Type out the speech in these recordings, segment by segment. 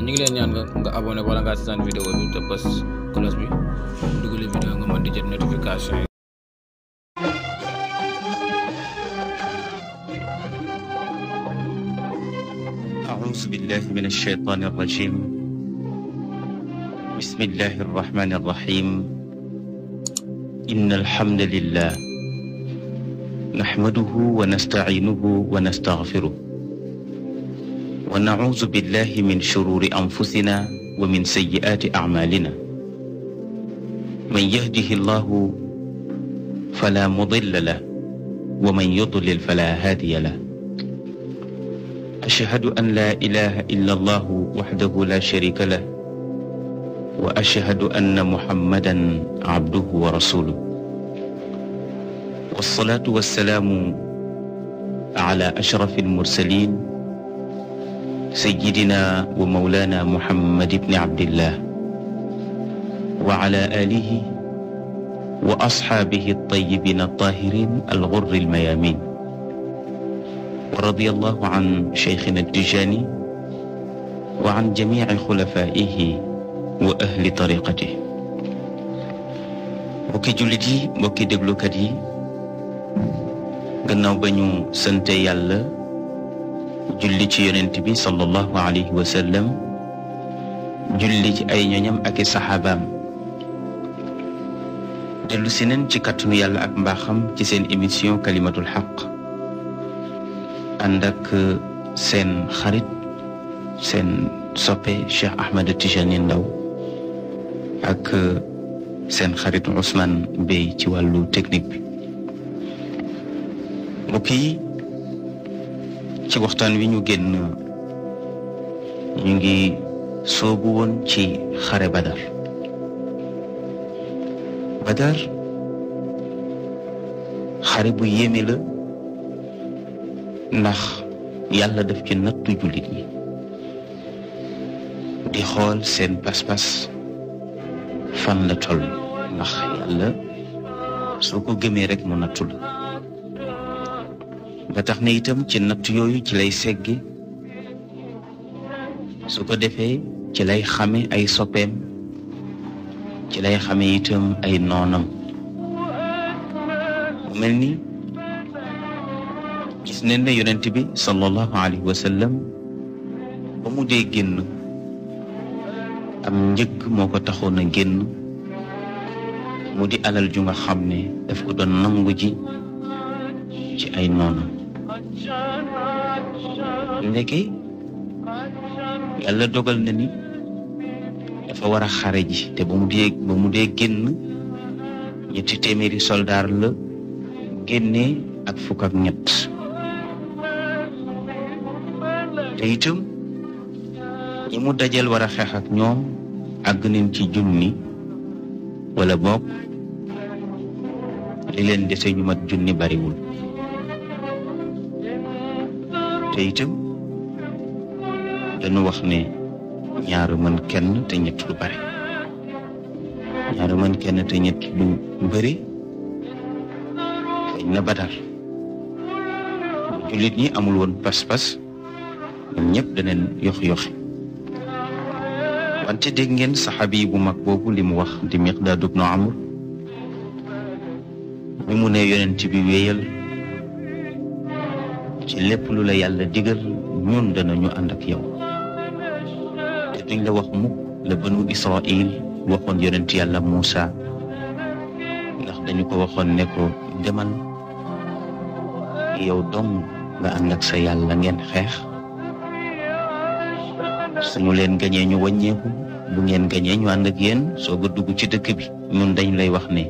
ñu ngi leen ñaan nga nga abonné wala ngaa seetaan vidéo bi te bës cloche bi dugale vidéo nga mën di jot notification yi أعوذ بالله من الشيطان الرجيم بسم الله الرحمن الرحيم إن الحمد لله نحمده ونستعينه ونستغفره wa naudu billahi min shururi anfusina wa min sayyiaati acmaalina man yahdihi llahu fala mudilla lah wa man yudlil fala haadiya lah ashhadu an laa ilaha illa allahu waxdahu la sharika lah wa ashhadu anna muhammadan abduhu wa rasuluh wassalaatu wassalaamu ala ashrafi almursalin سيدنا ومولانا محمد بن عبد الله وعلى آله وأصحابه الطيبين الطاهرين الغر الميامين ورضي الله عن شيخنا التجاني وعن جميع خلفائه وأهل طريقته mbokki jullit yi mbokki déglukat yi gannaaw ba ñu sante yàlla julli ci yonent bi sallallahu alayhi wa sallam julli ci ay ñoñam ak i saxaabaam dellu si neen ci kàttanu yàlla ak mbaaxam ci seen émission kalimatul xaq ànd ak euh, seen xarit seen soppe Cheikh Ahmed Tijani Ndao ak euh, seen xarit Ousmane Bey ci wàllu technique bi mbokk ci waxtaan wi ñu génn ñu ngi soobu woon ci xare Badar Badar xare bu yéeme la ndax yàlla def ci nattu jullit yi di xool seen pas fan la toll ndax yàlla soo ko gëmee rek mu nattu la ba tax na itam ci natt yooyu ci lay seggi su ko defee ci lay xame ay soppeem ci lay xame itam ay noonam mel ni gis bi sallallahu alayhi wa sallam ba mu dee génn am njëkk moo ko taxoon a génn mu di alal ju nga xam ne daf ko doon nangu ji ci ay noonam ndeke yàlla dogal na ni dafa wara a xare ji te ba mu dee ba mu dee génn ñetti téeméeri soldaar la genne ak fukk ak ñett te itam ñi mu dajal wara a xeex ak ñoom àgg nañ ci junni wala bokk li leen dese ñu mat junni bariwul te itam dañu wax ne ñaaru mën kenn te ñett lu bare ñaaru mën kenn te ñett lu bëri feeñ na badar jullit ñi amul woon pas-pas ñoom ñëpp daneen yox yoxi wante dégg ngeen saxaabi bu mag boobu li mu wax di Miqdaad ibnu Amr li mu ne yonent bi wéyal ci lépp lu la yàlla digal ñun ñu ànd ak yow te duñ la wax mukk la banu Israil waxoon yonent yàlla Muusa ndax dañu ko waxoon ne ko demal yow doom nga ànd ak sa yàlla ngeen xeex suñu leen gañee ñu wàññeeku bu ngeen gañee ñu ànd ak yéen soog a dugg ci dëkk bi mun dañ lay wax ne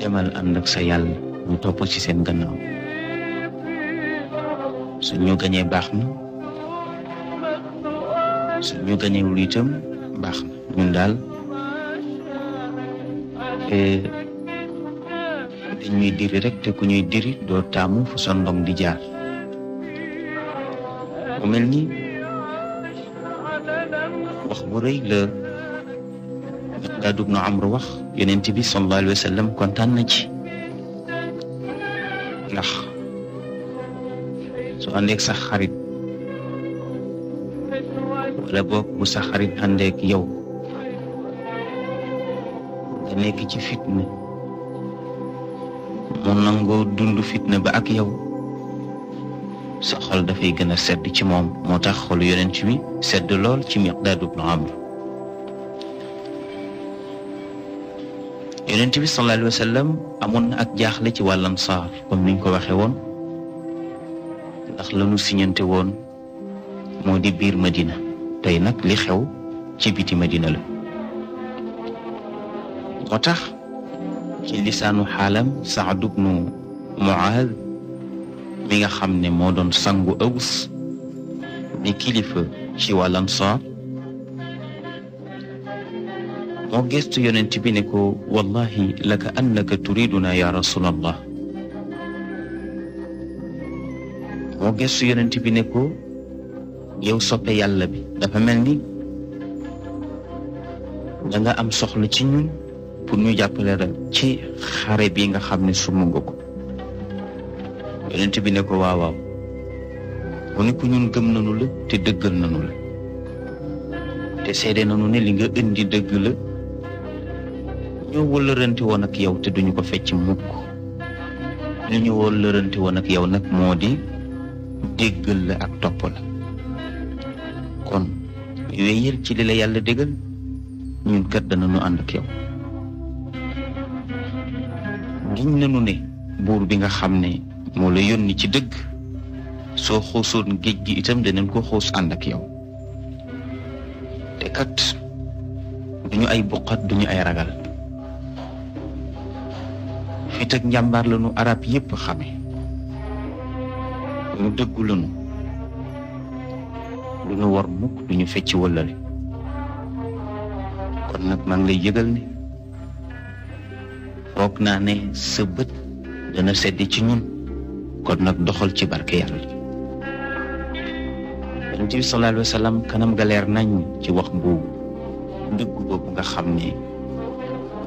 demal ànd ak sa yàlla ñu topp ci seen gannaaw suñ ñu gañee baax na suñ ñu gañewul baax na ñun daal eh, dañ ñuy diri rek te ku ñuy diri doo taamu fu sa ndong di jaar mel ni wax bu rëy la Miqdaad ibnu Amr wax yonent bi sallallahu alayhi wa sallam kontaan na ci ndax su àndeeg sax xarit wala bokk sax xarit àndeeg yow nga nekk ci fitna mu nangoo dund fitna ba ak yow sa xol dafay gën a sedd ci moom moo tax xolu yonent bi sedd lool ci Miqdaad ibn Amr yonent bi sallallahu alayhi wa sallam amoon na ak jaaxle ci wàllam saar comme niñ ko waxee woon ndax lanu siñante woon moo di biir Madina tey nag li xew ci biti Madina la moo tax ci lisaanu xaalam Saad ibnu Muaaz mi nga xam ne moo doon sangu agus mi kilifa ci wàllam saar moo gëstu yonent bi ne ko wallahi laka annaka na ya rasulallah moo gëstu yonent bi ne ko yow soppe yàlla bi dafa mel ni danga am soxla ci ñun pour ñu jàppale la ci xare bi nga xam ne sumu nga ko yonent bi ne ko waaw waaw mu ne ko ñun gëm nañu la te dëggal nañu la te seede nanu ne li nga indi dëgg la ñoo wëllërante woon ak yow te duñu ko fecc mukk li ñu wëllërante woon ak yow nag moo di déggal la ak topp la kon wéyal ci li la yàlla déggal ñun kat dana nu ànd ak yow giñ nañu ne buur bi nga xam ne moo la yónni ci dëgg soo xuusoon géej gi itam danañ koo xuus ànd ak yow te kat duñu ay buqat duñu ay ragal fit ak njàmbaar arab yépp xame ñu dëggu lañu lu ñu war mukk duñu fecc wëllale kon nag maa ngi lay yëgal ne foog naa ne sa bët dana sedd ci ñun kon nag doxal ci barke yàlla yonent bi sallallahu kanam ga leer nañ ci wax boobu dëgg boobu nga xam ne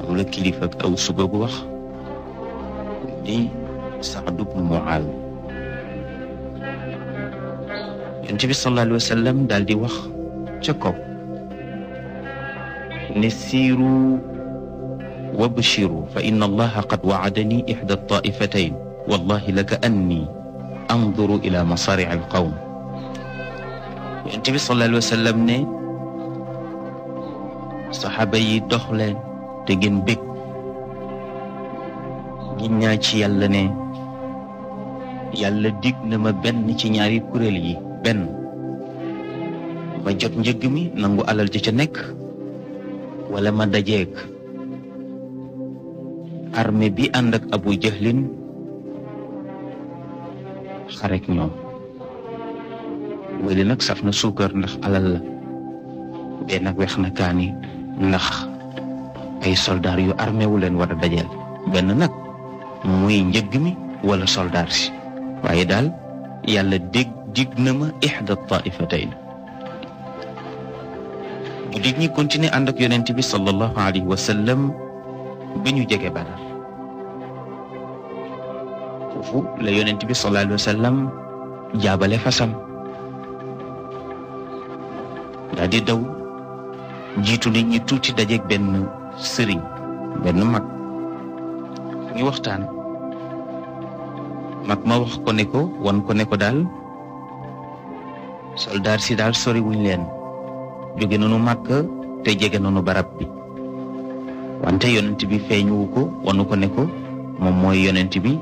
am la kilifa ak aw suba bu wax di Saad ibn Muaaz yonent bi sallallahu alayhi wa sallam daal di wax ca kaw ne siiru wabshiru fa inna allaha qad waadani ixda taifatayn wallahi laka anni anduru ila masaric alqawm yonent bi sallallahu alayhi wa sallam ne saxaaba yi dox leen te ngeen bég giñ naa ci yàlla ne yàlla digg na ma benn ci ñaari kuréel yi benn ma jot njëgg mi nangu alal ji ca nekk wala ma dajeeg armée bi ànd ak abu jahlin xarek ñoom wéli nag saf na suukar ndax alal la bee nag na kaani ndax ay soldaar yu armé leen war a dajeel benn nag muy njëgg mi wala soldaar si waaye daal yàlla dég dig na ma ixda taifatayn bu dig ñi continuer ànd ak yonent bi sallallahu alayhi wa bi ñu jege Badar foofu la yonent bi sallallahu alayhi wa jaabale fasam daa di daw jiitu nit ñi tuuti dajeeg benn sëriñ benn mag waxtaan mag ma wax ko ne ko won ko ne ko daal soldaar si daal soriwuñ leen jóge nanu màkk te jege nanu barab bi wante yonent bi feeñuwu ko wanu ko ne ko moom mooy yonent bi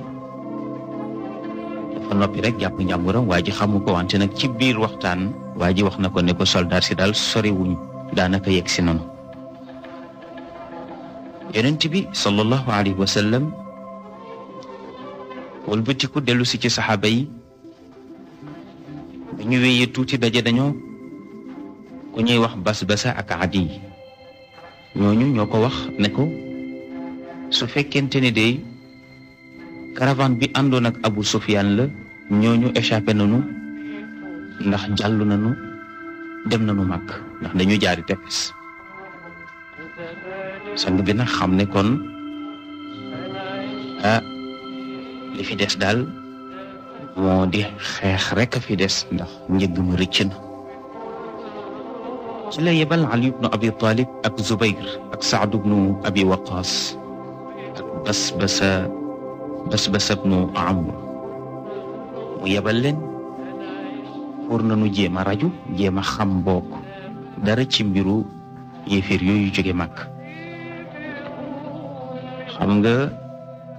dafa noppi rek jàpp njàmburam waa ji xamu ko wante nag ci biir waxtaan waa ji wax na ko ne ko soldaar si daal sori daanaka yegg si nanu yonent bi sallallahu alayhi wa sallam wëlbatiku dellu ci saxaaba yi ba ñu wéyee tuuti daje dañoo ku ñuy wax basbasa ak adi ñooñu ñoo ko wax ne ko su fekkente ne day caravane bi àndoon ak Abu Sufyaan la ñooñu échappé nañu ndax jàll nañu dem nañu màkk ndax dañuy jaari tefes sang bi xam ne kon ah li fi des daal moo di xeex rek a fi des ndax njëgg mu rëcc na ci la yebal Ali ibnu Abi Talib ak Zubayr ak Saad ibnu Abi Waqaas ak Basbasa Basbasa ibnu Amr mu yebal leen pour nañu jéem a raju jéem a xam bokk dara ci mbiru yéeféer yooyu jóge Makka am nga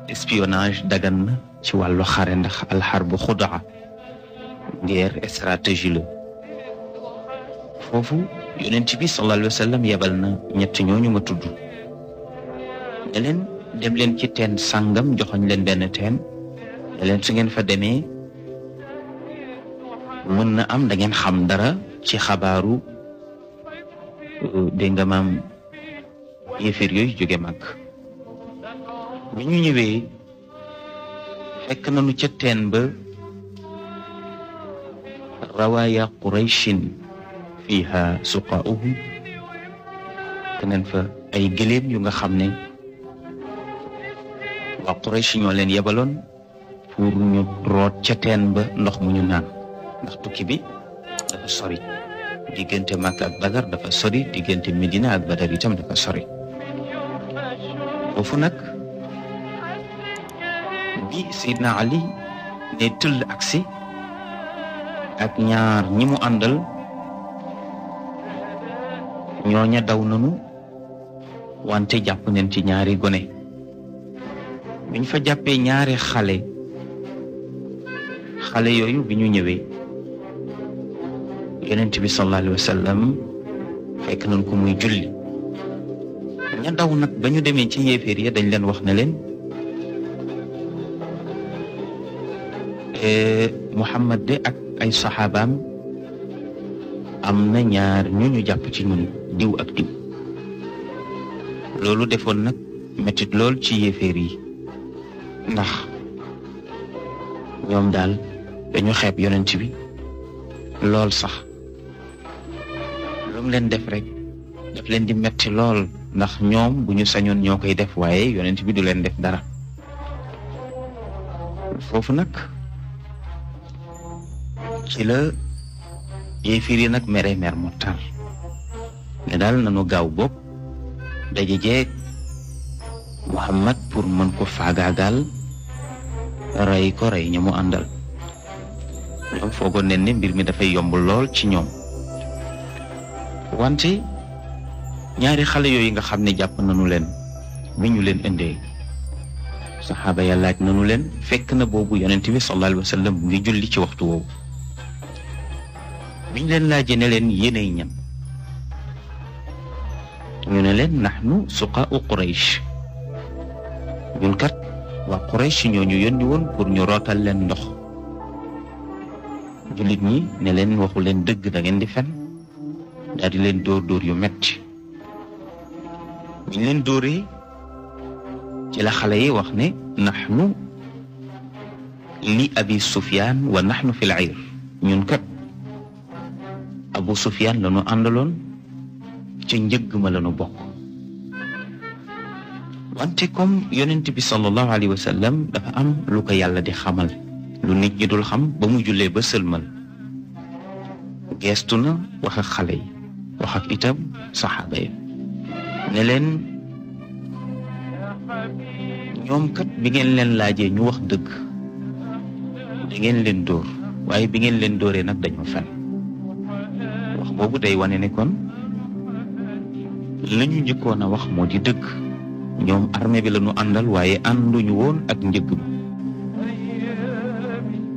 espionnage dagan ci wàllu xare ndax alxar bu xudaa guerre stratégie la foofu yonent bi sallallahu alayhi yebal na ñett ñooñu nga tudd ne leen dem leen ci teen sàngam joxoñ leen benn teen ne leen su ngeen fa demee mën na am da ngeen xam dara ci xabaaru euh, dégg nga maam yéeféer yooyu jóge màgg bi ñu ñëwee fekk nañu ca teen ba rawaaya qurayshin fiha suqaauhum teneen fa ay gëléem yu nga xam ne waa quraysh ñoo leen yebaloon pour ñu root ca teen ba ndox mu ñu naan ndax tukki bi dafa sori diggante Makka ak Badar dafa sori diggante Medina ak Badar itam dafa sori foofu nag bi Seydina Ali ne tëll aksi ak ñaar ñi mu àndal ñooña daw nanu wante jàpp nañ ci ñaari gone biñ fa jàppee ñaari xale xale yooyu bi ñu ñëwee yonent bi sallallahu alayhi wa fekk nañ ko muy julli ña daw nag ba demee ci yéeféer ya dañ leen wax na leen Eh, Muhammad de ak ay saxaabaam am na ñaar ñu ñu jàpp ci ñun diw ak diw loolu defoon nag métit lool ci yéeféer yi ndax ñoom daal dañu xeeb yonent bi lool sax lu leen def rek daf leen di metti lool ndax ñoom bu sañoon ñoo koy def waaye yonent bi du leen def dara foofu nag ci la yéefir yi nag mere mer mu tar ne daal nanu gaaw bopp daje jeeg Muhammad pour mën ko faagaagaal rey ko rey ñu mu àndal ñoom foogoon ne ni mbir mi dafay yomb lool ci ñoom wante ñaari xale yooyu nga xam ne jàpp nañu leen mi ñu leen indee saxaaba ya laaj nañu leen fekk na boobu yonent bi sallallahu alayhi wa sallam ngi julli ci waxtu woowu biñ leen laajee ne leen yéenay ñan ñu ne leen naxnu suqaau Quraysh ñun kat waa Quraysh ñoo ñu yónni woon pour ñu rootal leen ndox jullit ñi ne leen waxu leen dëgg da di fen daal di leen dóor dóor yu metti biñ leen dóoree ci la xale yi wax ne naxnu li abi Sufyaan wa naxnu fil ayr ñun kat Abu Sufyaan la ñu àndaloon ca njëgg ma la ñu bokk wante comme yonent bi sallallahu alayhi wa dafa am lu ko yàlla di xamal lu nit ñi dul xam ba mu julee ba sëlmal geestu na wax ak xale yi wax itam saxaaba yi ne leen ñoom kat bi ngeen leen laajee ñu wax dëgg da leen dóor waaye bi ngeen leen dóoree nag dañoo fen wax boobu day wane ne kon la ñu njëkkoon a wax moo di dëgg ñoom armée bi la ñu àndal waaye ànduñu woon ak njëgg ba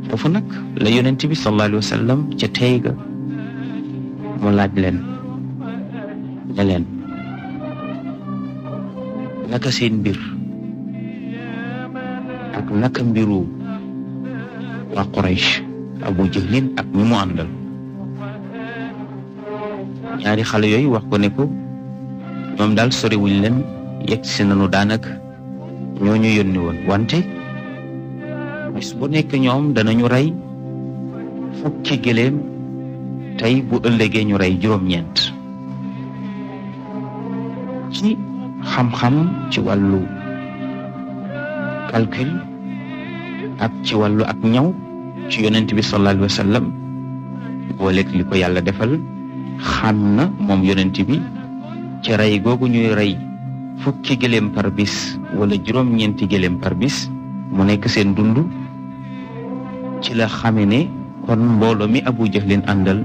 foofu nag la yonent bi sallallahu alayhi wa ca tey ga mu laaj leen ne leen naka seen mbir ak naka mbiru waa Quraysh Abu Jahlin ak ñi mu àndal ñaari xale yooyu wax ko ne ko ñoom daal soriwuñ leen yegg si nañu daanaka ñoo ñu yónni woon wante bis bu nekk ñoom danañu rey fukki gëléem tey bu ëllëgee ñu rey juróom-ñeent ci xam-xam ci wàllu calcul ak ci wàllu ak ñaw ci yonent bi sallallahu alayhi wa sallam booleeg li ko yàlla defal xam na moom yonent bi ci rey googu ñuy rey fukki gëléem par wala juróom-ñeenti gëléem par mu nekk seen dund ci la xame ne kon mbooloo mi Abu leen àndal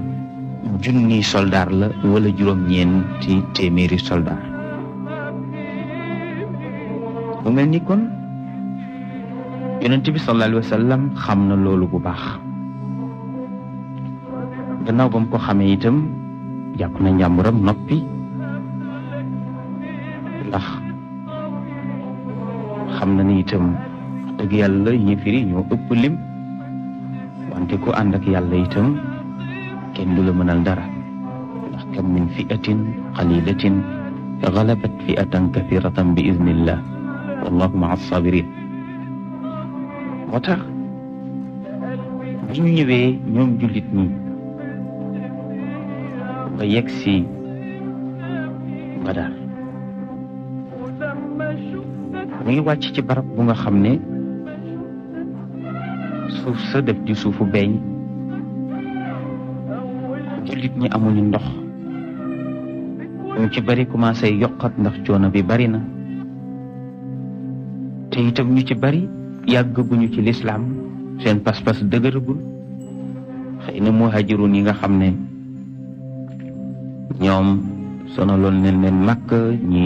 junni soldaar la wala juróom-ñeenti téeméeri soldaar mu mel ni kon yonent bi sallallahu alayhi xam na loolu bu baax gannaaw ba mu ko xamee itam jàpp na njàmburam noppi ndax xam na ni itam dëgg yàlla ñi firi ñoo ëpp lim wante ku ànd ak yàlla itam kenn du la mënal dara ndax kam min fi'atin qalilatin galabat fi'atan kathiratan bi idnillah wallahu maa sabirin moo tax bu ñu ñëwee ñoom jullit ba si Badar mu ngi wàcc ci barab bu nga xam ne suuf sa def di suufu beeñ jullit ñi amuñu ndox ñu ci bari commencé yoqat ndax coono bi bari na te itam ñu ci bari yàggaguñu ci lislaam seen pas-pas dëgëragul xëy na muhajirun yi nga xam ne ñoom sonaloon nañ leen màkk ñi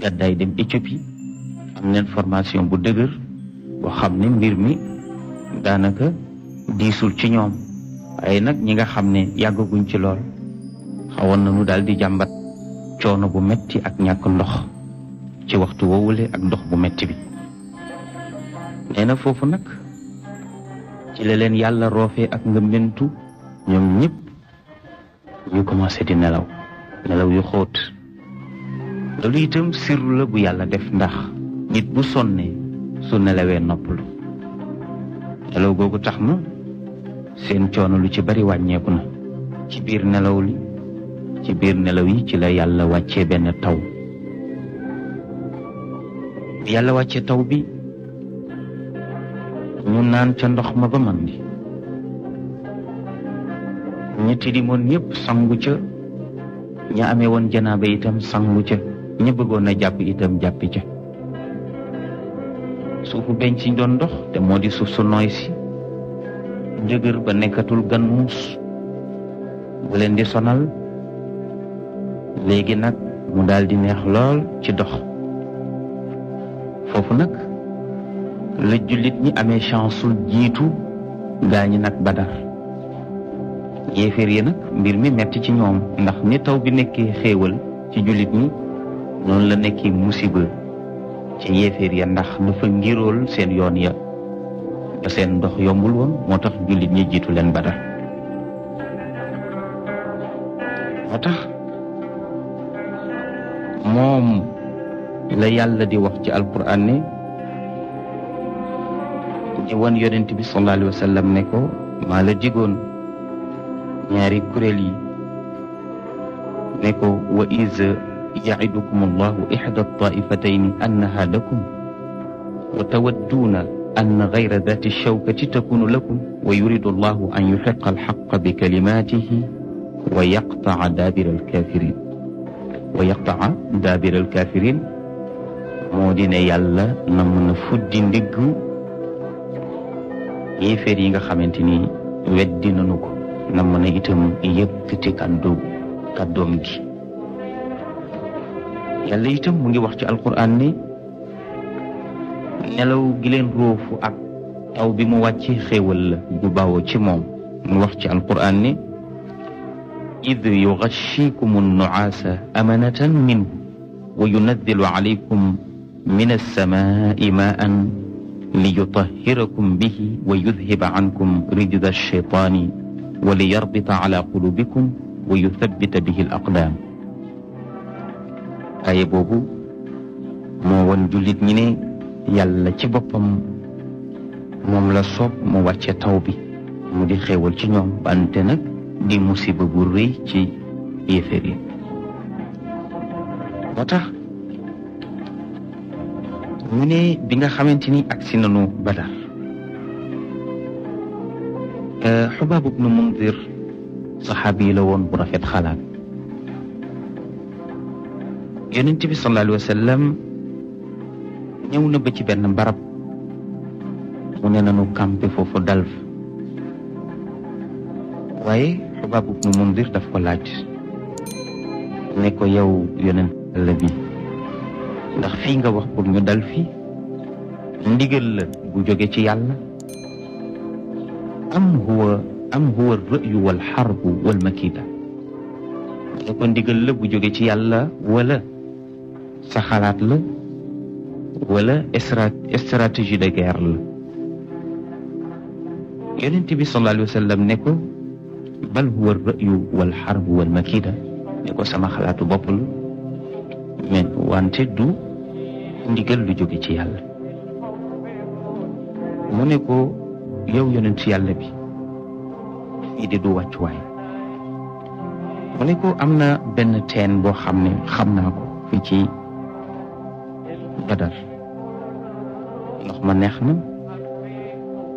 gàddaay dem Éthiopie am nañ formation bu dëgër boo xam ne mbir mi daanaka diisul ci ñoom waaye nag ñi nga xam ne yàggaguñ ci lool xawoon na nañu daal di jàmbat coono bu metti ak ñàkk ndox ci waxtu woowule ak ndox bu metti bi nee foofu nag ci la leen yàlla roofee ak ngëmbentu ñoom ñëpp ñu commencé di nelaw nelaw yu xóot loolu itam sirru la bu yàlla def ndax nit bu sonnee su nelawee noppalu nelaw googu tax na seen coono lu ci bari wàññeeku na ci biir nelaw li ci biir nelaw yi ci la yàlla wàccee benn taw yàlla wàcce taw bi ñu naan ca ndox ma ba man di ñi tilimoon ñëpp sangu ca ña amee woon janaaba itam sangu ca ña bëggoon a jàpp itam jàppi ca suufu benn ci doon dox te moo di suuf su nooy si njëgër ba nekkatul gan muus bu leen di sonal léegi nag mu daldi neex lool ci dox foofu nag la jullit ñi amee chance sul jiitu gaañi nag badar yéeféer yi nag mbir mi metti ci ñoom ndax ni taw bi nekkee xéewal ci jullit ñi noonu la nekkee musiba ci yéeféer ya ndax dafa ngirool seen yoon ya te seen ndox yombul woon moo tax jullit ñi jiitu leen Badar moo tax moom la yàlla di wax ci alquran ne di wan yonent bi sallallahu alayhi wa sallam ne ko maa la jigoon ñaari kuréel yi ne ko wa is yacidukum allahu ixda taifatayn annaha lakum wa tawadduuna anna gayra dati shawkati takunu lakum wa yuridu allahu an yuxiqa alxaqa bi kalimatihi wa yaqtaca daabira alkafirin wa yaqtaca daabira alkafirin moo di ne yàlla na mën a fuddi ndigg yéeféer yi nga xamante ni weddi nanu ko na mën a itam yëkkati kàddu kàddoom gi yàlla itam mu ngi wax ci alquran ni nelaw gi leen róofu ak taw bi mu wàcc xéewal la bu bawoo ci moom mu wax ci alquran ni id yughashikumu nuaasa amanatan minhu wa yunadilu alaykum min alsamai maan li yutahirakum bihi wa yudhiba ankum rijza alcheytaani wa li yarbita ala qulubikum wa yuthabbita bihi al aqdaam aye boobu moo won jullit ñi ne yàlla ci boppam moom la soob moo wàcce taw bi mu di xéewal ci ñoom bante nag di musiba bu rëy ci yéeféer yi moo tax ñu ne bi nga xamante ni agsi nanu badar Euh, xubaab ibnu mundir saxaabi la woon bu rafet xalaat yonent bi sallallahu alayhi wa sallam ñëw na ba ci benn barab mu ne nañu campé foofu dal waaye xubaab ibnu mundir daf ko laaj ne ko yow yonent la bi ndax fii nga wax pour ñu dal fi ndigal la bu jóge ci yàlla am huwa am huwa rëyu wal xarbu ko ndigal la bu jóge ci yàlla wala sa xalaat la wala stratégie de guerre la yonent bi sallallahu alayhi wa sallam ne ko ne ko sama xalaatu bopp la mais wante du ndigal lu jóge ci yàlla mu ne ko yow yonent yàlla bi fii de du wàccuwaay mu ne am na benn teen boo xam ne xam naa ko fii ci badar ndox ma neex na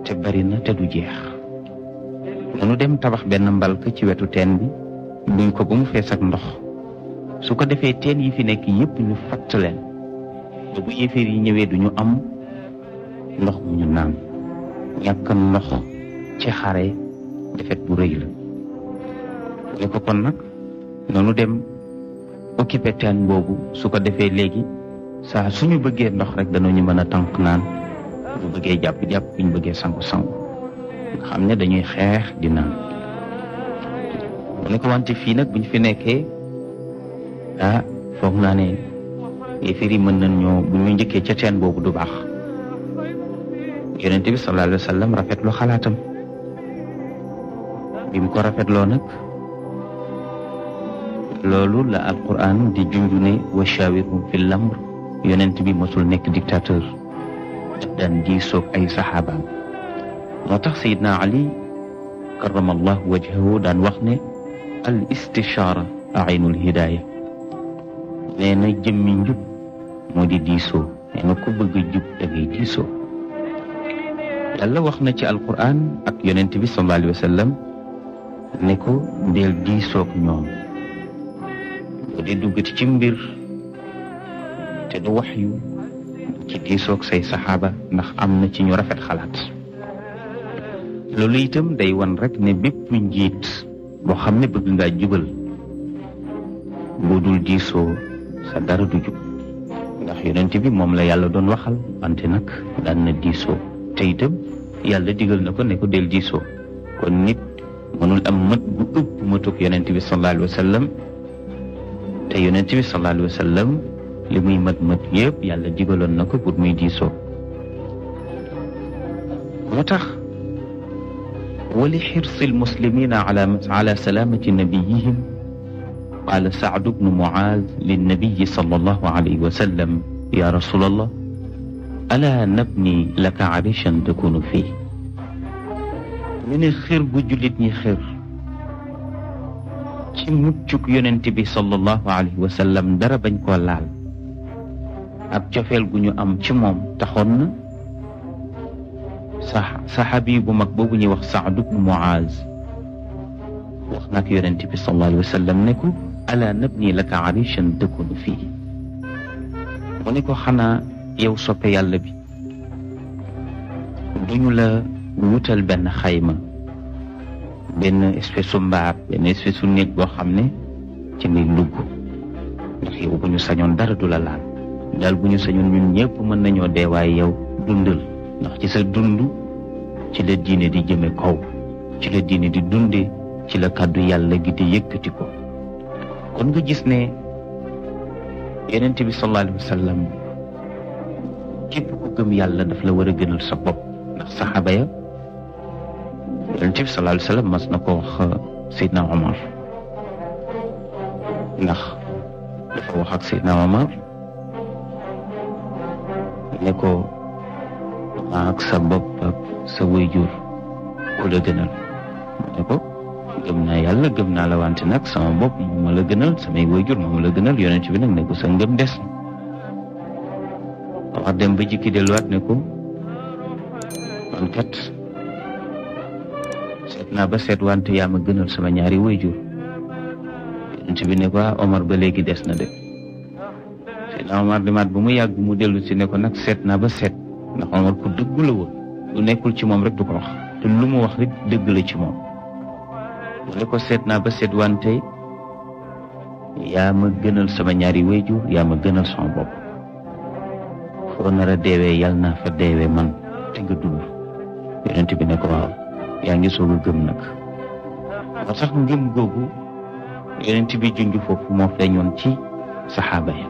te bari na te du jeex nanu dem tabax benn mbalk ci wetu teen bi luy ko ba mu fees ak ndox su ko defee teen yi fi nekk yépp ñu fatt leen ba bu yéeféer yi ñëwee duñu am ndox mu ñu naan ñàkk ndox ci xare defet bu rëy la ñu ko kon nag noonu dem occupé teen boobu su ko defee léegi saa suñu bëggee ndox rek ñu mën a tànk naan bu bëggee jàpp jàpp bu bëggee sangu sangu nga xam ne dañuy xeex di naan mu ne ko wante fii nag buñ fi nekkee ah foog naa ne yéefar yi mën na ñoo bu ñu njëkkee ca teen boobu du baax yonent bi sallallahu alayhi wa sallam rafetlu xalaatam bi mu ko rafetloo nag loolu la alquran di junj ne wa shawirhum fi lamr yonent bi mosul nekk dictateur daan di soog ay saxaabaam moo tax sayidna ali karamallahu wajhahu daan wax ne al istishaara aynul hidaaya nee na jëmmi njub moo di diisoo nee na ku bëgg jub da ngay diisoo yàlla wax na ci alquran ak yonent bi sallallahu alayhi wa sallam ne ko ndeel diisoog ñoom boo dee duggati ci mbir te du wax yu ci diisoog say saxaaba ndax am na ci ñu rafet xalaat loolu itam day wan rek ne bépp njiit boo xam ne bëgg ngaa jubal boo dul diisoo sa dara du jub ndax yonent bi moom la yàlla doon waxal wante nag daan diisoo te yàlla digal na ko ne ko del diisoo kon nit mënul am mët bu ëpp matuk yonent bi sallallahu alayhi wa sallam te yonent bi sallallahu alayhi wa sallam li muy mët mët yëpp yàlla digaloon na ko pour muy diisoo moo tax wali xirsi almuslimina ala ala salaamati nabiyihim qaala saad bnu muaaz linnabiyi sallallahu alayhi wa sallam ya rasulallah ala nabni laka arichan takunu fii mu ne xër gu jullit ñi xër ci muccug yonent bi sallallahu alayhi wa sallam dara bañ koo laal ak cofeel gu ñu am ci moom taxoon na sa saxaabi bu mag boobu ñuy wax Saad ibn Muaz wax nag yonent bi sallallahu alayhi wa sallam ne ko ala nabni laka arichan takunu fii mu ne ko xanaa yow soppe yàlla bi duñu la wutal benn xayma benn espèce su mbaar benn espèce su néeg boo xam ne ci ngay ndugg ndax yow bu ñu sañoon dara du la laal daal bu ñu sañoon ñun ñëpp mën nañoo dee waaye yow dundal ndax ci sa dund ci la diine di jëme kow ci la diine di dunde ci la kàddu yàlla gi di yëkkati ko kon nga gis ne yonent bi sallallahu alayhi képp ku gëm yàlla daf la war a gënal sa bopp ndax saxaaba ya yonent bi sallallahu alayhi mas na ko wax euh, Seydina Omar ndax dafa wax ak Seydina Omar ne ko maa ak sa bopp ak sa wayjur ku la gënal mu ne ko gëm naa yàlla gëm naa la wante nag sama bopp moom ma la gënal samay wayjur moom ma la gënal yonent bi nag ne ko sa ngëm des wax dem ba jikki delluwaat ne ko man kat naa ba seet wante yaa ma gënal sama ñaari waajur yonent bi ne ko ah, ba léegi des na de Seydina Omar ba mu yàgg mu dellu si ne ko nag seet naa ba seet ndax nekkul ci moom rek du ko wax lu mu wax rek ci moom mu ko seet naa ba seet wante yaa ma sama ñaari waajur yaa ma gënal sama bopp o nar a deewee yàlla naa fa deewee man te nga dund yonent bi ne ko waaw yaa ngi soog gëm nag moo ngëm googu yonent bi junj foofu moo feeñoon ci saxaaba yi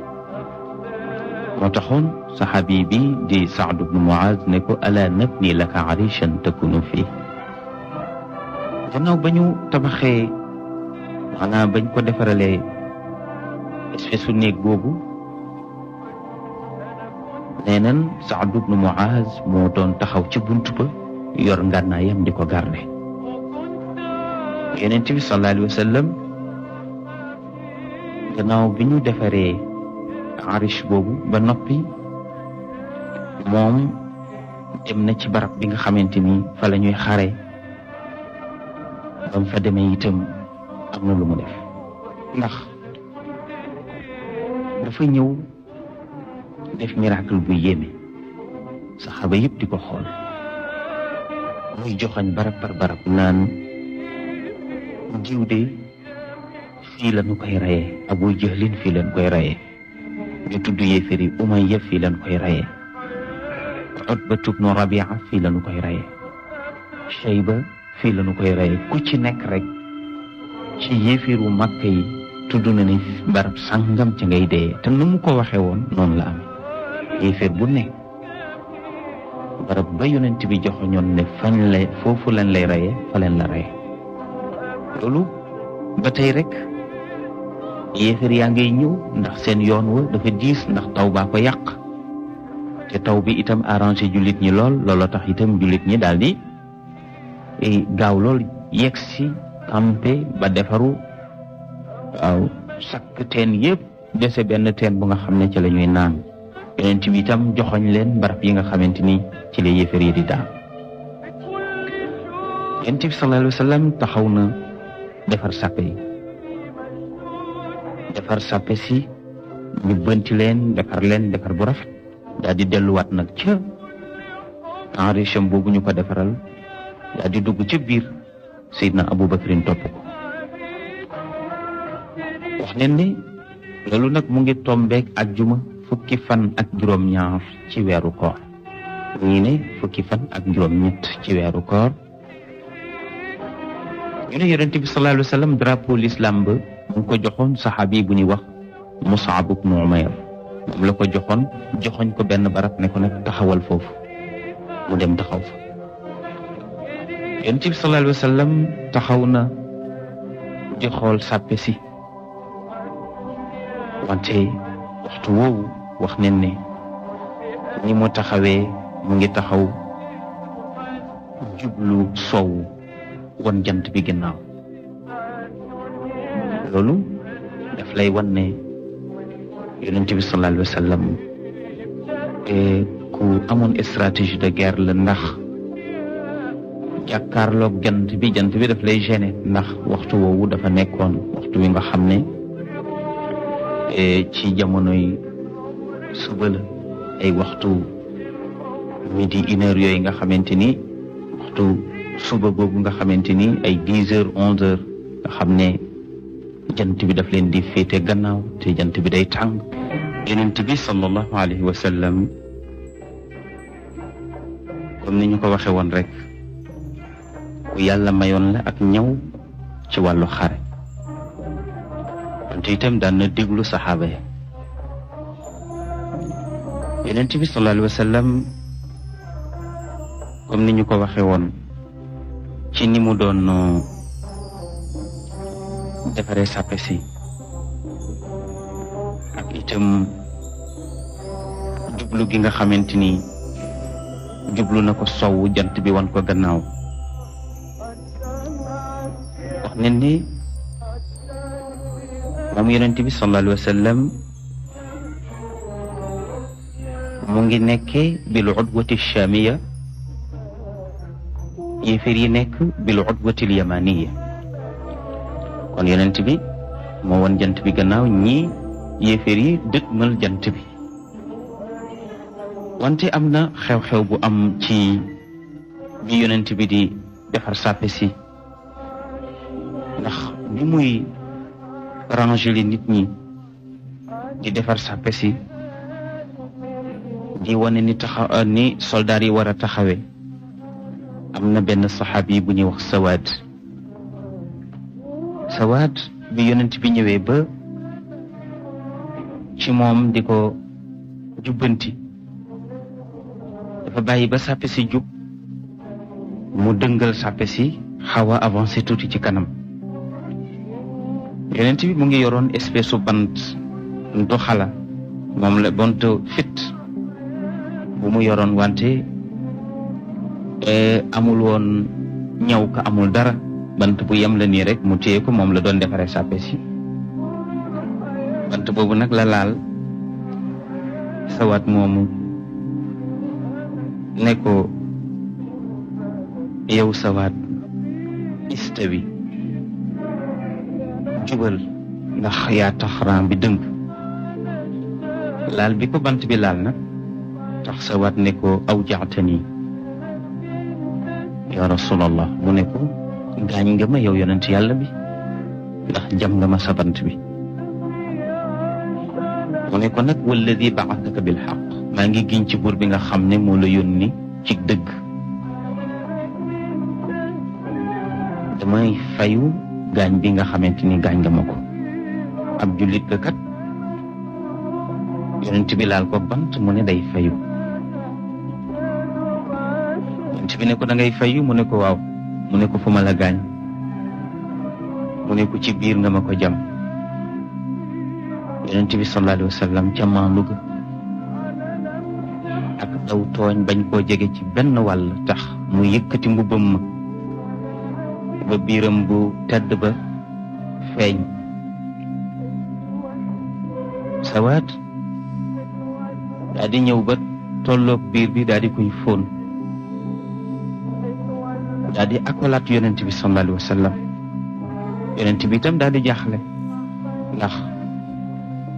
moo taxoon saxaabi bi di Saad bnu Muaz ne ko ala nabni laka arishan takunu fii gannaaw ba ñu tabaxee maanaam bañ ko defaralee espèce su néeg boobu nee nan Saad ibnu Muaz moo doon taxaw ca bunt ba yor ngànnaayam di ko garde yeneen bi sallallahu alayhi gannaaw bi ñu defaree arish boobu ba noppi moom dem na ci barab bi nga xamante ni fa ñuy xare ba fa demee itam am na lu mu def ndax dafa ñëw def miracle bu yéeme saxaaba yëpp di ko xool muy joxañ barab par barab naan jiw de fii koy rayee abu jëhlin fii leen koy rayee ñu tudd yéefér yi umayya fii leen koy rayee utba tubnu rabia fii la ñu koy rayee shayba fii la ñu koy rayee ku ci nekk rek ci yéeféru màkk yi tudd na ni barab sàngam ci ngay dee te nu mu ko waxee woon noonu la am yéeféer bu ne barab ba yonent bi joxoñoon ne fañ lay foofu lañ lay reyee fa leen la reye loolu ba tey rek yéeféer yaa ngay ñëw ndax seen yoon wa dafa diis ndax taw baa ko yàq te taw bi itam arrangé jullit ñi lool looloo tax itam jullit ñi daal di e, gaaw lool yegg si campé ba defaru waaw sakk teen yëpp dese benn teen bu nga xam ne ci la ñuy naan yonent bi itam joxoñ leen barab yi nga xamante ni ci la yéefar di daan yonent bi sallallahu alayhi taxaw na defar sàppe yi defar sàppe si ñu bënti leen defar leen defar bu rafet daal di delluwaat nag ca enricham boobu ñu ko defaral daal di dugg ca biir Seydina Aboubacrine topp ko wax ne ni nag mu ngi tombeek ajjuma fukki fan ak juróom-ñaar ci weeru koor ñii ne fan ak juróom-ñett ci weeru koor ñu ne yonent bi sallallahu alayhi wa l'islam ba mu ko joxoon saxaabi bu ñuy wax Mus'ab ibn Umayr moom la joxoon joxoñ ko benn barab ne ko nag taxawal foofu mu dem taxaw fa yonent bi sallallahu taxaw na di xool sàppe si waxtu woowu wax nañ ne ni moo taxawee mu ngi taxaw jublu soowu won jant bi gannaaw loolu daf lay wan ne yonent bi sallallahu alayhi wa ku amoon stratégie de guerre la ndax jàkkaarloog jant bi jant bi daf lay gêner ndax waxtu woowu dafa nekkoon waxtu wi nga xam ne eh, ci jamonoy suba la ay waxtu midi une heure yooyu nga xamante ni waxtu suba boobu nga xamante ni ay dix heures onze heures nga xam ne jant bi daf leen di féete gannaaw te jant bi day tàng yonent bi sallallahu alayhi wa sallam comme ni ñu ko waxe woon rek ku yàlla mayoon la ak ñëw ci wàllu xare wante itam daan na déglu saxaaba ya yonent bi sallallahu alayhi wa comme ni ñu ko waxee woon ci ni mu doon euh, defaree sàppe si ak itam jublu gi nga xamante ni jublu na ko sowu jant bi wan ko gannaaw wax ne ni moom yonent bi sallallahu alayhi mu ngi nekkee bil udwati chamiya yéeféer yi nekk bil udwati lyamaniya kon yonent bi moo won jant bi gannaaw ñi yéeféer yi dëgmal jant bi wante am na xew-xew bu am ci bi yonent bi di defar sàppe ndax bi muy ranger li nit ñi di defar sàppe di wane ni taxaw eh, ni soldaar yi war a taxawee am na benn saxaab yi bu ñuy wax sawaad sawaad bi yonent bi ñëwee ba ci moom di ko jubbanti dafa bàyyi ba sàppe si jub mu dëngal sàppe si xaw a avancé tuuti ci kanam yonent bi mu ngi yoroon espèce su bant doxala moom la bant fit bu mu yoroon wante amul woon ñaw ko amul dara bant bu yem la nii rek mu téye ko moom la doon defaree sapesi bant boobu nag la laal sawaat moomu ne ko yow sawaat istawi jubal ndax yaa tax raam bi dëng laal bi ko bant bi laal nag tax sawaat ne ko aw jaatani ya rasulallah mu ne ko gaañ nga ma yow yonent yàlla bi ndax jam nga ma sabant bi mu ne ko nag walladi baataka bil xaq maa ngi giñ ci bur bi nga xam ne moo la ni ci dëgg damay fayu gaañ bi nga xamante ni gaañ nga ma ko ab jullit la kat yonent bi laal ko bant mu ne day fayu yonent bi ne ko da ngay mu ne ko waaw mu ne ko fu ma la gaañ mu ne ko ci biir nga ma ko jam yonent bi sallallahu alayhi wa ak daw tooñ bañ koo jege ci benn wàll tax mu yëkkati mbubbam ma ba biiram bu tedd ba feeñ sawaat daa ñëw ba tolloog biir bi daa di koy fóon daal di akolaat yonent bi sallallahu alayhi wa bi tam daal di jaaxle ndax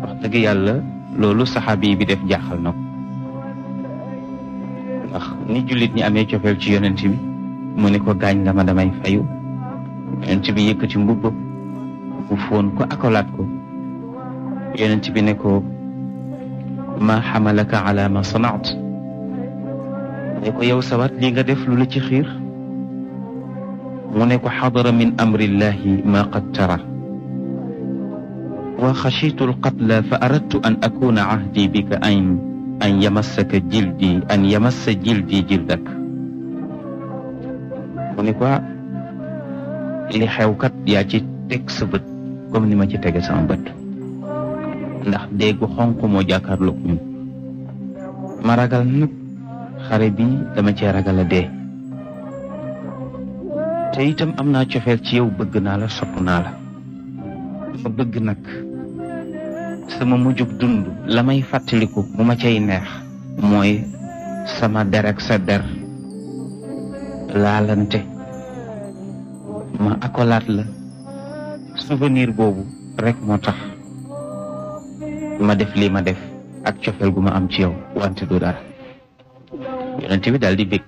wax dëgg yàlla loolu saxaabi bi def jaaxal na ko ndax ni jullit ñi amee cofeel ci yonent bi mu ne ko gaañ la ma damay fayu yonent bi yëkkati mbubb mu foon ko akolaat ko yonent bi ne ko ma xamalaka ala ma sanaat ne ko yow sawat lii nga def lu la ci xiir mu ne ko xadara min amrillahi ma qad tara wa xashitu alqatla fa aradtu an akuna ahdi bika an an yamassaka jildi jildi jildak mu ko li xewkat yaa ci teg sa bët comme ni ma ci tege sama bët ndax déggu xonq moo jàkkaarloog ñun ma ragal nag xare bi dama cee ragal a te itam am naa cofeel ci yow bëgg naa la sopp naa la ma bëgg nag sama mujjug dund la may fàttaliku bu ma cay neex mooy sama der ak sa der laalante ma akolaat la souvenir boobu rek moo tax ma def lii ma def ak cofeel gu ma am ci yow wante du dara yonent bi daal di bég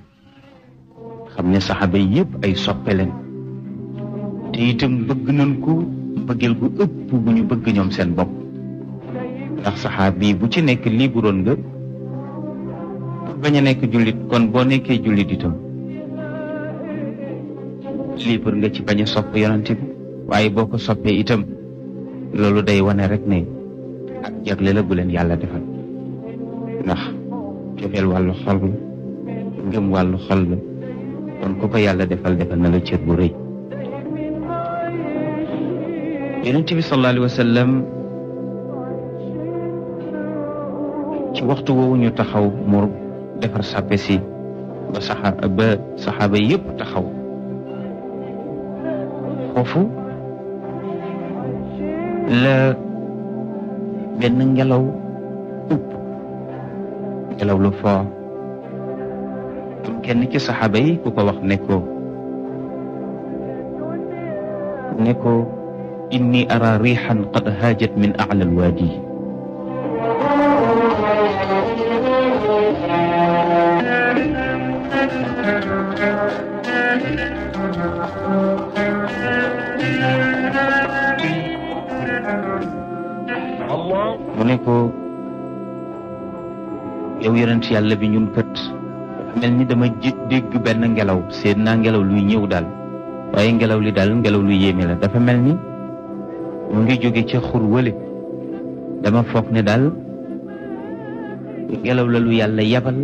xam ne saxaaba yi yëpp ay soppe leen te itam bëgg nañ ko bëggeel gu ëpp bu ñu bëgg ñoom seen bopp ndax saxaabi bu ci nekk liiburoon nga pour bañ nekk jullit kon boo nekkee jullit itam liibur nga ci bañ sopp yonante waaye boo ko soppee itam loolu day wane rek ne ak jagle la bu leen yàlla defal ndax cofeel wàllu xol la ngëm wàllu xol kon ku yàlla defal defal na la cër bu rëy yonent bi sallallahu alayhi ci waxtu woowu ñu taxaw mu defar sàppe si ba saxaaba yëpp taxaw foofu la benn ngelaw upp ngelaw lu kenn ci saxaaba yi ku ko wax ne ko ne ko inni ara riixan qad haajat min a'la alwaadi mu mel ni dama dégg benn ngelaw seen naa ngelaw luy ñëw daal waaye ngelaw li daal ngelaw lu yéeme la dafa mel ni mu ngi jóge ca xur wële dama foog ne daal ngelaw la lu yàlla yabal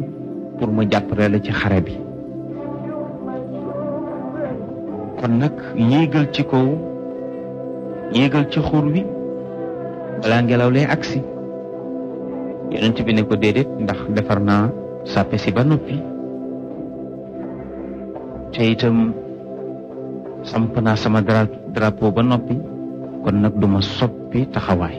pour ma jàppale la ci xare bi kon nag yéegal ci kaw yéegal ci xur wi balaa ngelaw lay agsi yonent bi ne ko déedéet ndax defar naa sàppe si ba noppi te itam samp naa sama dra ba noppi kon nag duma soppi taxawaay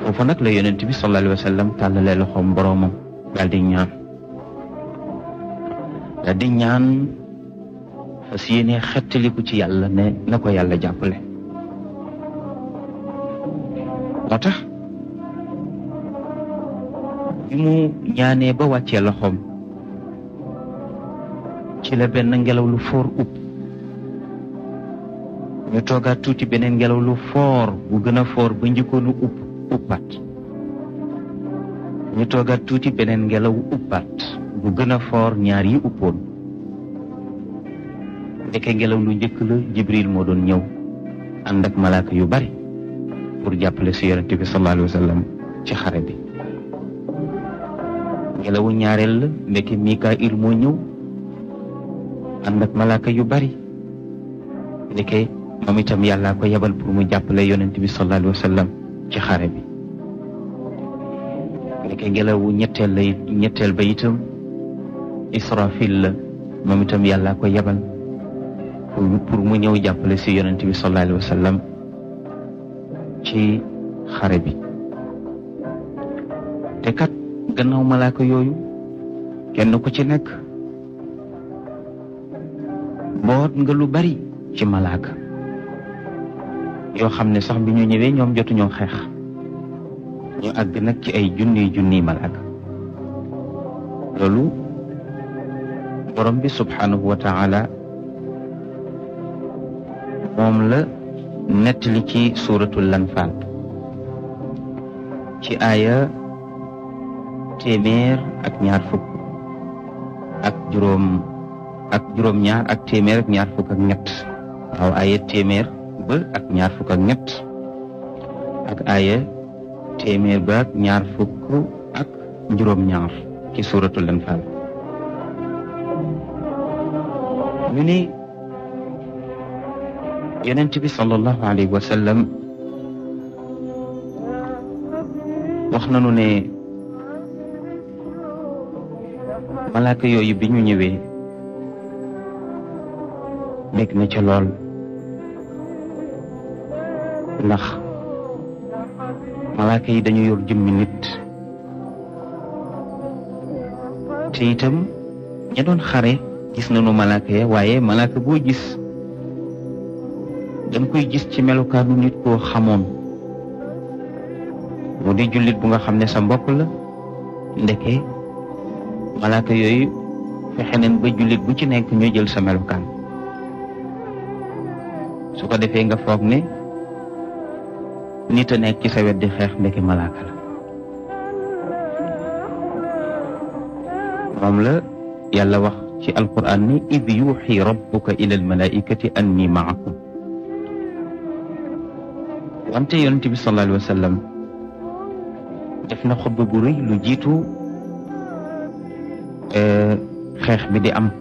foofu nag la yonent bi sallallahu alayhi wa sallam tàllalee loxoom boroomam daal di ñaan daal di ñaan fas yéene ci yàlla ne na ko yàlla jàppale moo tax bi mu ñaanee ba wàccee loxoom ci la benn ngelaw lu foor upp ñu toogaat tuuti beneen ngelaw lu foor bu gën a foor ba njëkkoonu upp uppaat ñu toogaat tuuti beneen ngelaw uppaat bu gën a foor ñaar yi uppoon ndeke ngelaw lu njëkk la jibril moo doon ñëw ànd ak malaaka yu bari pour jàppale si yonente bi sallallahu alayhi wa ci xare bi ngelawu ñaareel la ndeke mikail moo ñëw ànd ak malaaka yu bari ni kay moom itam ko yebal pour mu jàppale yonent bi sallallahu alayhi ci xare bi ni kay ngelawu ñetteel la ñetteel ba itam israfil la moom itam yàllaa ko pour mu ñëw jàppale si yonent bi sallallahu alayhi ci xare bi te kat gannaaw malaaka yooyu kenn ku ci nekk boot nga lu bari ci malaaka yoo xam ne sax bi ñu ñëwee ñoom jotuñoo xeex ñu ag nag ci ay junniy junniy malaaka loolu borom bi subhanahu wa taala moom la nettali ci suuratul lanfaal ci aaya téeméer ak ñaar fukk ak juróom ak juróom-ñaar ak téeméer ak ñaar fukk ak ñett waaw aaye téeméer ba ak ñaar fukk ak ñett ak aaye téeméer ba ak ñaar fukk ak juróom-ñaar ci suuratul anfaal ñu ni yonent bi sallallahu alayhi wa sallam wax nañu ne malaaka yooyu bi ñu ñëwee bég na lool ndax malaaka yi dañu yor jëmmi nit te itam ña doon xare gis nañu malaaka ya waaye malaaka boo gis da koy gis ci melokaanu nit koo xamoon moo di jullit bu nga xam ne sa mbokk la ndeke malaaka yooyu fexe nañ ba jullit bu ci nekk ñoo jël sa melokaan su ko defee nga foog ne nita a nekk ci sa di xeex ndeke malaaka la moom la yàlla wax ci alquran ni id yuuxi rabbuka ila almalaikati anni maakum wante yonent bi sallallahu alayhi wa def na xutba bu rëy lu jiitu eh, xeex bi di am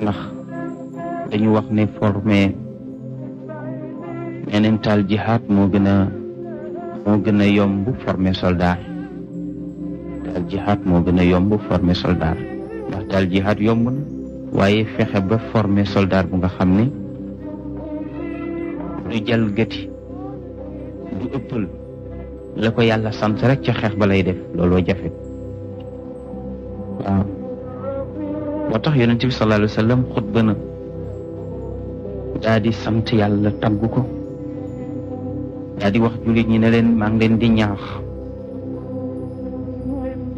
ndax dañu wax ne formé nee nañ taal jihaad moo gën gën a yomb formé soldat taal jihaad moo gën a yomb formé soldat ndax taal jihaad yomb na waaye fexe ba formé soldat bu nga xam ne du jalgati du ëppal la ko yàlla sant rek ca xeex ba lay def looloo jafe waaw moo tax yonent bi sallallahu alayhi na daa di sant yàlla tagg ko daa di wax jullit ñi ne leen maa ngi leen di ñaax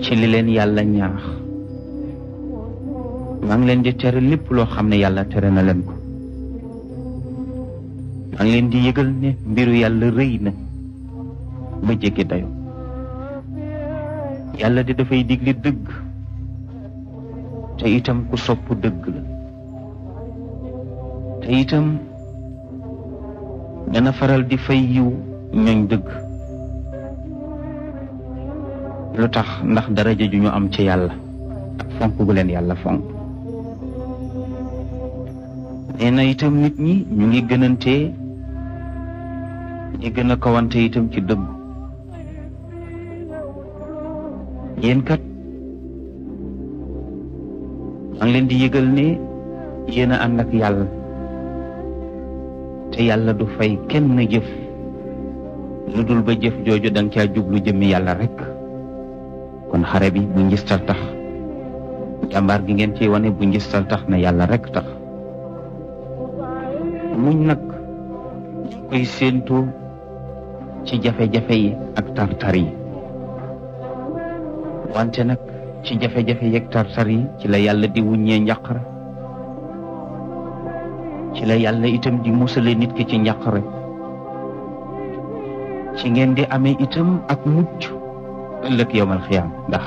ci li leen yàlla ñaax maa ngi leen di tere lépp loo xam ne yàlla tere na leen ko maa ngi leen di yëgal ne mbiru yàlla rëy na ba jéggi dayo yàlla di dafay digli dëgg te itam ku sopp dëgg la te itam dana faral di fay yiw ñooñ dëgg lu tax ndax daraja ju ñu am ci yàlla ak fonk gu leen yàlla fonk nee na itam nit ñi ñu ngi gënantee ñi gën a kawante ci dëgg yéen kat maa ngi leen di yëgal ne yéen a ànd ak yàlla te yàlla du fay kenn jëf lu dul ba jëf jooju danga nga jublu jëmmi yàlla rek kon xare bi bu njistal tax jàmbaar gi ngeen ciy wane bu njistal tax na yàlla rekk tax muñ nag koy séentoo ci jafe-jafe yi ak tartar yi wante nag ci jafe-jafe yi ak tartar yi ci la yàlla di wuññee njàqara ci la yàlla itam di musale nit ki ci njàqare ci ngeen di amee itam ak mucc ëllëg yowmal xiyaam ndax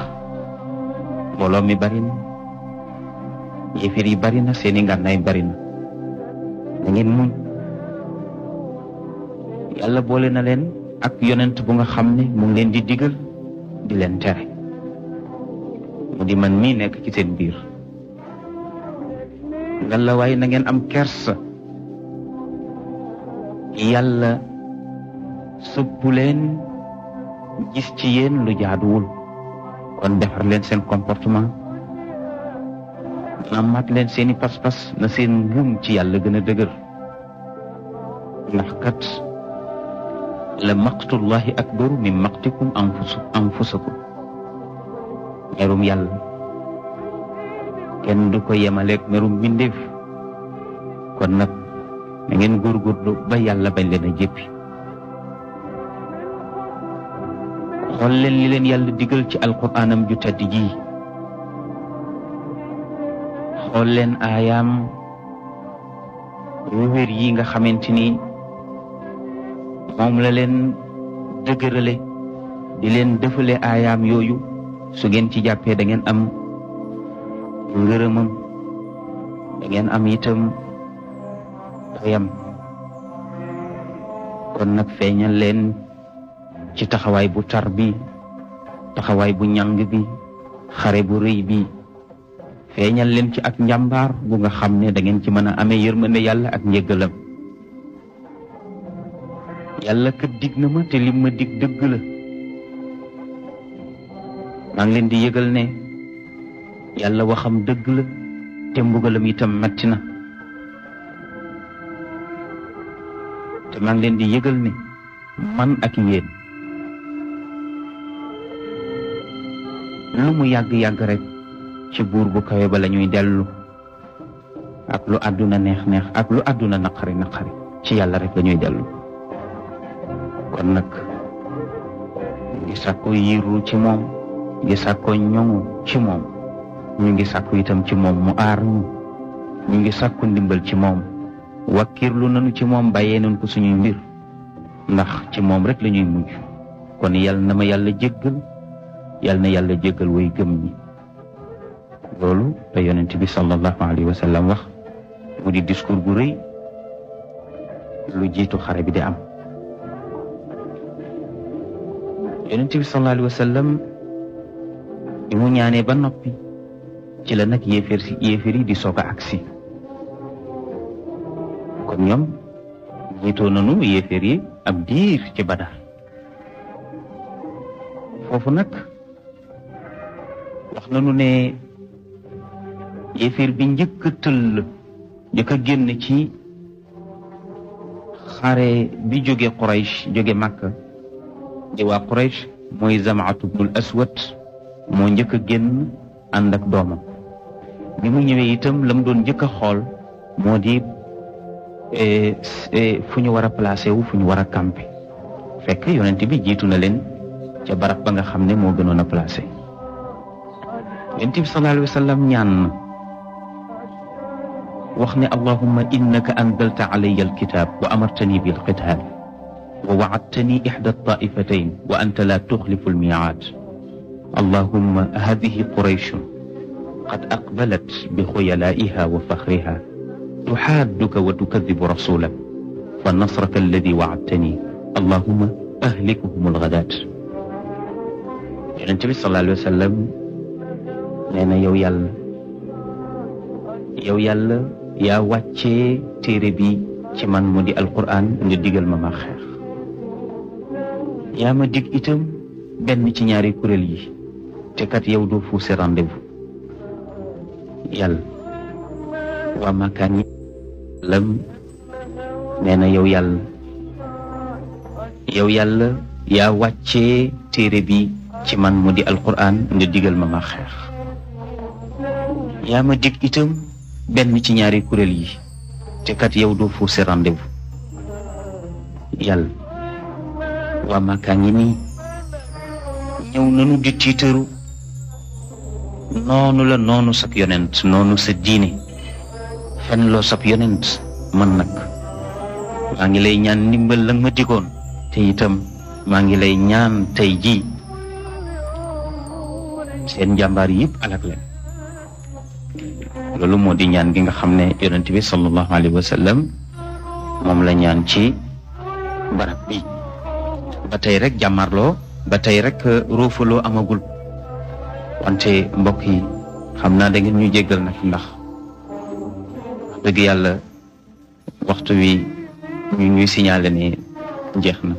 mbooloo mi bari na yéefir yi bari na seeni ngànnaay bari na na ngeen muñ yàlla boole na leen ak yonent bu nga xam ne mu ngi leen di digal di leen tere mu di man mii nekk ci seen biir nga la waaye na ngeen am kersa yàlla sëppu gis ci yéen lu jaaduwul kon defar leen seen comportement na mat leen seeni pas-pas na seen ngëm ci yàlla gën a dëgër ndax kat la maqtullahi akbaru min maqtikum anfusakum merum yàlla kenn du ko yemaleeg merum mbindeef kon nag na ngeen góorgóorlu ba yàlla bañ leen a jéppi xool leen li leen yàlla diggal ci alquraanam ju tedd ji xool leen aayaam wéwér yi nga xamante ni moom la leen dëgërale di leen dëfale aayaam yooyu su ngeen ci jàppee da am ngërëmam da am itam doyam kon nag feeñal leen ci taxawaay bu tar bi taxawaay bu ñàng bi xare bu rëy bi feeñal leen ci ak njàmbaar bu nga xam ne dangeen ci mën a ame yërmande yàlla ak njëggalam yàlla kat dig na ma te lim ma dig dëgg la maa ngi leen di yëgal ne yàlla waxam dëgg la te mbugalam itam metti na te maa ngi leen di yëgal ni man ak yéen lu mu yàgg-yàgg rekk ci buur bu kawe ba la ñuy dellu ak lu àdduna neex neex ak lu àdduna naqari naqari ci yàlla rek lañuy ñuy dellu kon nag ngi sàkko yiru ci moom ngi sàkko ñoŋu ci moom ñu ngi sàkku itam ci moom mu aar ñu ñu ngi sàkku ndimbal ci moom wàkkirlu nañu ci moom bàyyee nañ ko suñuy mbir ndax ci moom rek lañuy ñuy mujj kon yal na ma yàlla jéggal yal na yàlla jéggal way gëm ñi loolu la yonent bi sallallahu alayhi wa sallam wax mu di discours gu rëy lu jiitu xare bi di am yonent bi sallallahu alayhi wa sallam mu ñaanee ba noppi ci la nag yéeféer si yi di soog a agsi kon ñoom jiitoo nanu yéeféer yi ab diir ci Badar foofu nag wax nanu ne yéeféer bi njëkk a tëll njëkk a génn ci xare bi jóge Quraysh jóge Makka di waa mooy Zamaatu bnul Aswad moo njëkk génn ànd ak doomam bi mu ñëwee itam la mu doon njëkk a xool moo di eh, eh, fu ñu war a placé wu fu ñu war a campé fekk yonent bi jiitu na leen ca barab ba nga xam ne moo gënoon a placé yonent bi sallallahu alayhi wa sallam ñaan na wax ne allahumma innaka anzalta alayya alkitab wa amartani bil qitaal wa wa'adtani ihda taifatayn wa anta la tuxlifu almiyaad allahumma hadihi qurayshun قد أقبلت بخيلائها وفخرها تحادك وتكذب رسولك فنصرك الذي وعدتني اللهم أهلكهم الغداة yonent bi sallallahu alayhi wa sallam nee na yow yàlla yow yàlla yaa wàccee téere bi ci man mu di alquran nga digal ma ma xeex yaa ma dig itam benn ci ñaari kuréel yi te kat yow doo fuuse rendez-vous yàlla waa makaan yi lam nee na yow yàlla yow yàlla yaa wàccee téere bi ci man mu di alquran nga digal ma ma xeex yaa ma dig itam benn ci ñaari kuréel yi te kat yow doo forcé rendez yàlla waa makaan nii ñëw nanu di tiitaru noonu la noonu sab yonent noonu sa diine fen loo sab yonent man nag maa ngi lay ñaan ndimbal la ma digoon te itam maa ngi lay ñaan tey jii seen jàmbaar yëpp alak leen loolu moo di ñaan gi nga xam ne yonent bi sallallahu alayhi wa moom la ñaan ci barab bi ba tey rek jàmmarloo ba tey rek roofaloo amagul wante mbokk yi xam naa da ngeen ñu jéggal nag ndax wax dëgg yàlla waxtu wi ñu ñuy signaler ni jeex na